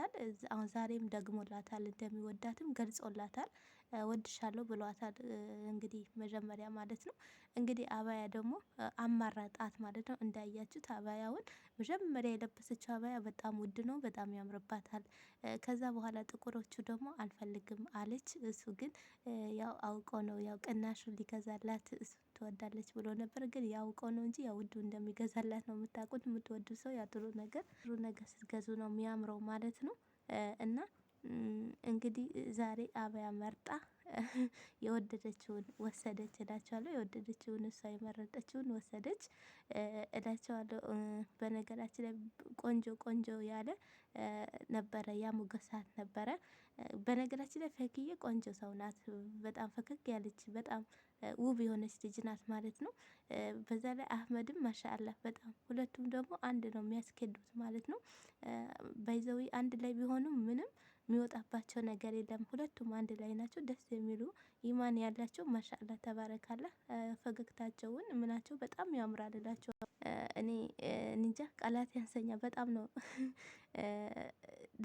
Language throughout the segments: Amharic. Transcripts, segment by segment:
ገልጾላታል። አሁን ዛሬም ደግሞላታል እንደሚወዳትም ገልጾላታል። ወድሻለሁ ብሏታል። እንግዲህ መጀመሪያ ማለት ነው። እንግዲህ አባያ ደግሞ አማራጣት ማለት ነው። እንዳያችሁት አባያውን መጀመሪያ የለበሰችው አባያ በጣም ውድ ነው፣ በጣም ያምርባታል። ከዛ በኋላ ጥቁሮቹ ደግሞ አልፈልግም አለች። እሱ ግን ያው አውቆ ነው ያው ቅናሹ ሊገዛላት እሱ ትወዳለች ብሎ ነበር። ግን ያውቆ ነው እንጂ ያው ውዱ እንደሚገዛላት ነው የምታውቁት። የምትወዱ ሰው ያው ጥሩ ነገር ጥሩ ነገር ስትገዙ ነው የሚያምረው ማለት ነው እና እንግዲህ ዛሬ አበያ መርጣ የወደደችውን ወሰደች እላቸዋለሁ። የወደደችውን እሷ የመረጠችውን ወሰደች እላቸዋለሁ። በነገራችን ላይ ቆንጆ ቆንጆ ያለ ነበረ ያሞገሳት ነበረ። በነገራችን ላይ ፈክዬ ቆንጆ ሰው ናት። በጣም ፈገግ ያለች በጣም ውብ የሆነች ልጅ ናት ማለት ነው። በዛ ላይ አህመድም ማሻአላ በጣም ሁለቱም ደግሞ አንድ ነው የሚያስኬዱት ማለት ነው። ባይ አንድ ላይ ቢሆኑም ምንም የሚወጣባቸው ነገር የለም። ሁለቱም አንድ ላይ ናቸው። ደስ የሚሉ ኢማን ያላቸው ማሻላ ተባረካላ። ፈገግታቸውን ምናቸው በጣም ያምራል እኔ እንጃ ቃላት ያንሰኛ በጣም ነው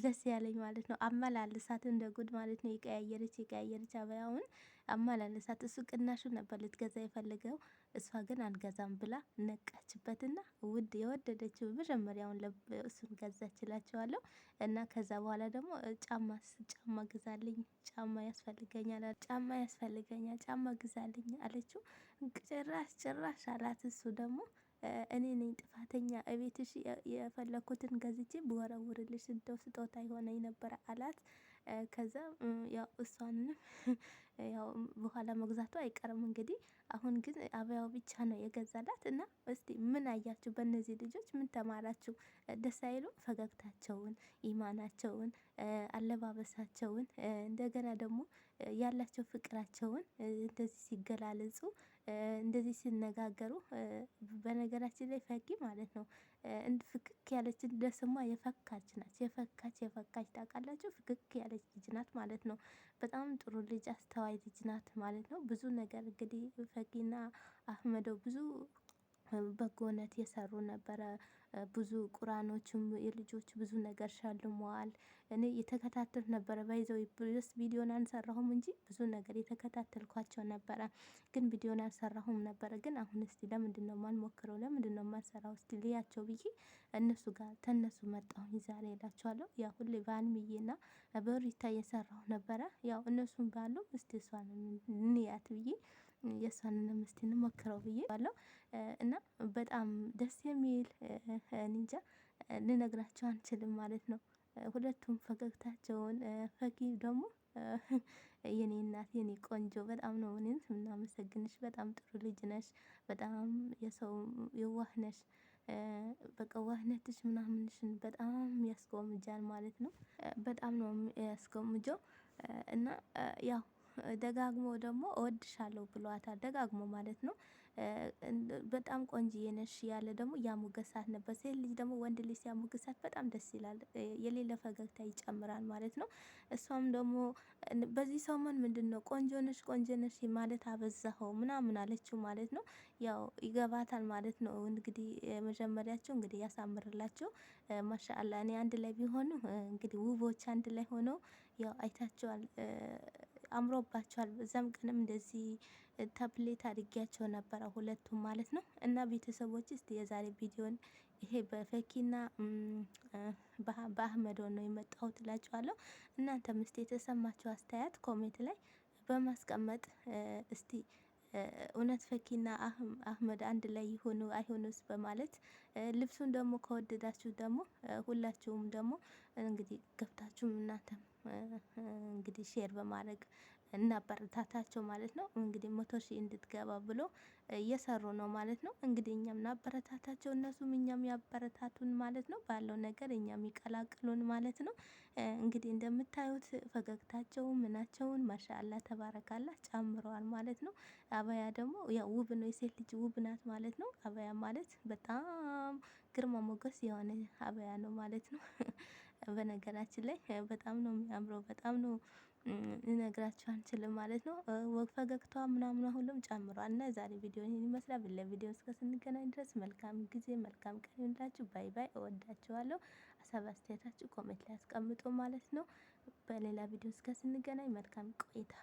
ደስ ያለኝ ማለት ነው። አመላልሳት እንደ ጉድ ማለት ነው። የቀያየረች የቀያየረች አበያውን አመላለሳት። እሱ ቅናሹ ነበር ልትገዛ የፈለገው እሷ ግን አልገዛም ብላ ነቃችበትና ውድ የወደደችው መጀመሪያውን እሱን ገዛችላቸዋለሁ እና ከዛ በኋላ ደግሞ ጫማ ጫማ ግዛልኝ፣ ጫማ ያስፈልገኛል፣ ጫማ ያስፈልገኛል፣ ጫማ ግዛልኝ አለችው። ጭራሽ ጭራሽ አላት እሱ ደግሞ እኔ ነኝ ጥፋተኛ እቤትሽ የፈለኩትን ገዝቼ ብወረውርልሽ እንደው ስጦታ የሆነኝ ነበረ አላት። ከዛ ያው እሷንም ያው በኋላ መግዛቱ አይቀርም እንግዲህ። አሁን ግን አበያው ብቻ ነው የገዛላት እና እስቲ ምን አያችሁ? በእነዚህ ልጆች ምን ተማራችሁ? ደስ አይሉ ፈገግታቸውን፣ ኢማናቸውን፣ አለባበሳቸውን እንደገና ደግሞ ያላቸው ፍቅራቸውን እንደዚህ ሲገላለጹ እንደዚህ ሲነጋገሩ፣ በነገራችን ላይ ፈኪ ማለት ነው ፍክክ ያለች እንደ ስሟ የፈካች ናት። የፈካች የፈካች ታውቃላችሁ፣ ፍክክ ያለች ልጅ ናት ማለት ነው። በጣም ጥሩ ልጅ፣ አስተዋይ ልጅ ናት ማለት ነው። ብዙ ነገር እንግዲህ ፈኪና አህመደው ብዙ በጎነት የሰሩ ነበረ። ብዙ ቁራኖችም የልጆች ብዙ ነገር ሸልመዋል። እኔ የተከታተል ነበረ ባይዘው ስ ቪዲዮን አልሰራሁም እንጂ ብዙ ነገር የተከታተልኳቸው ነበረ። ግን ቪዲዮን አልሰራሁም ነበረ። ግን አሁን እስቲ ለምንድን ነው ማልሞክረው? ለምንድን ነው ማልሰራው? እስቲ ልያቸው ብዬ እነሱ ጋር ተነሱ መጣሁኝ ዛሬ እላቸዋለሁ። ያው ሁሌ በአልሚዬ በአልምዬና በሪታ እየሰራሁ ነበረ። ያው እነሱም ባሉ እስቲ እሷን እንያት ብዬ የእሷንና ምስትን ሞክረው ብዬ ባለው እና በጣም ደስ የሚል እንጃ ልነግራቸው አንችልም ማለት ነው። ሁለቱም ፈገግታቸውን ፈኪ ደግሞ የኔ እናት የኔ ቆንጆ በጣም ነው እኔም የምናመሰግንሽ፣ በጣም ጥሩ ልጅ ነሽ፣ በጣም የሰው የዋህ ነሽ፣ በቃ ዋህነትሽ ምናምንሽን በጣም ያስጎምጃል ማለት ነው። በጣም ነው ያስጎምጀው እና ያው ደጋግሞ ደግሞ እወድሻለሁ ብሏታል። ደጋግሞ ማለት ነው። በጣም ቆንጅዬ ነሽ ያለ ደግሞ ያሞገሳት ነበር። ሴት ልጅ ደግሞ ወንድ ልጅ ሲያሞገሳት በጣም ደስ ይላል። የሌለ ፈገግታ ይጨምራል ማለት ነው። እሷም ደግሞ በዚህ ሰሞን ምንድን ነው ቆንጆ ነሽ ቆንጆ ነሽ ማለት አበዛኸው ምናምን አለችው ማለት ነው። ያው ይገባታል ማለት ነው። እንግዲህ መጀመሪያቸው እንግዲህ ያሳምርላቸው። ማሻአላ እኔ አንድ ላይ ቢሆኑ እንግዲህ ውቦች አንድ ላይ ሆነው ያው አይታቸዋል። አምሮባቸዋል። በዛም ቀንም እንደዚህ ታፕሌት አድርጊያቸው ነበረ ሁለቱም ማለት ነው። እና ቤተሰቦች እስቲ የዛሬ ቪዲዮን ይሄ በፈኪና በአህመዶ ነው የመጣሁት እላችኋለሁ። እናንተም እስቲ የተሰማችሁ አስተያየት ኮሜንት ላይ በማስቀመጥ እስቲ እውነት ፈኪና አህመድ አንድ ላይ ይሆኑ አይሆኑስ በማለት ልብሱን ደግሞ ከወደዳችሁ ደግሞ ሁላችሁም ደግሞ እንግዲህ ገብታችሁም እናንተም እንግዲህ ሼር በማድረግ እናበረታታቸው ማለት ነው። እንግዲህ መቶ ሺህ እንድትገባ ብሎ እየሰሩ ነው ማለት ነው። እንግዲህ እኛም እናበረታታቸው፣ እነሱም እኛም ያበረታቱን ማለት ነው። ባለው ነገር እኛም ይቀላቅሉን ማለት ነው። እንግዲህ እንደምታዩት ፈገግታቸውን ምናቸውን ማሻአላ ተባረካላ ጨምረዋል ማለት ነው። አበያ ደግሞ ያው ውብ ነው፣ የሴት ልጅ ውብ ናት ማለት ነው። አበያ ማለት በጣም ግርማ ሞገስ የሆነ አበያ ነው ማለት ነው። በነገራችን ላይ በጣም ነው የሚያምረው። በጣም ነው ልነግራችሁ አንችልም ማለት ነው። ፈገግታዋ ምናምን ሁሉም ጨምሯል። እና የዛሬ ቪዲዮ ይህን ይመስላል። በሌላ ቪዲዮ እስከ ስንገናኝ ድረስ መልካም ጊዜ፣ መልካም ቀን ይሁንላችሁ። ባይ ባይ። እወዳችኋለሁ። ሀሳብ አስተያየታችሁ ኮሜንት ላይ አስቀምጡ ማለት ነው። በሌላ ቪዲዮ እስከ ስንገናኝ መልካም ቆይታ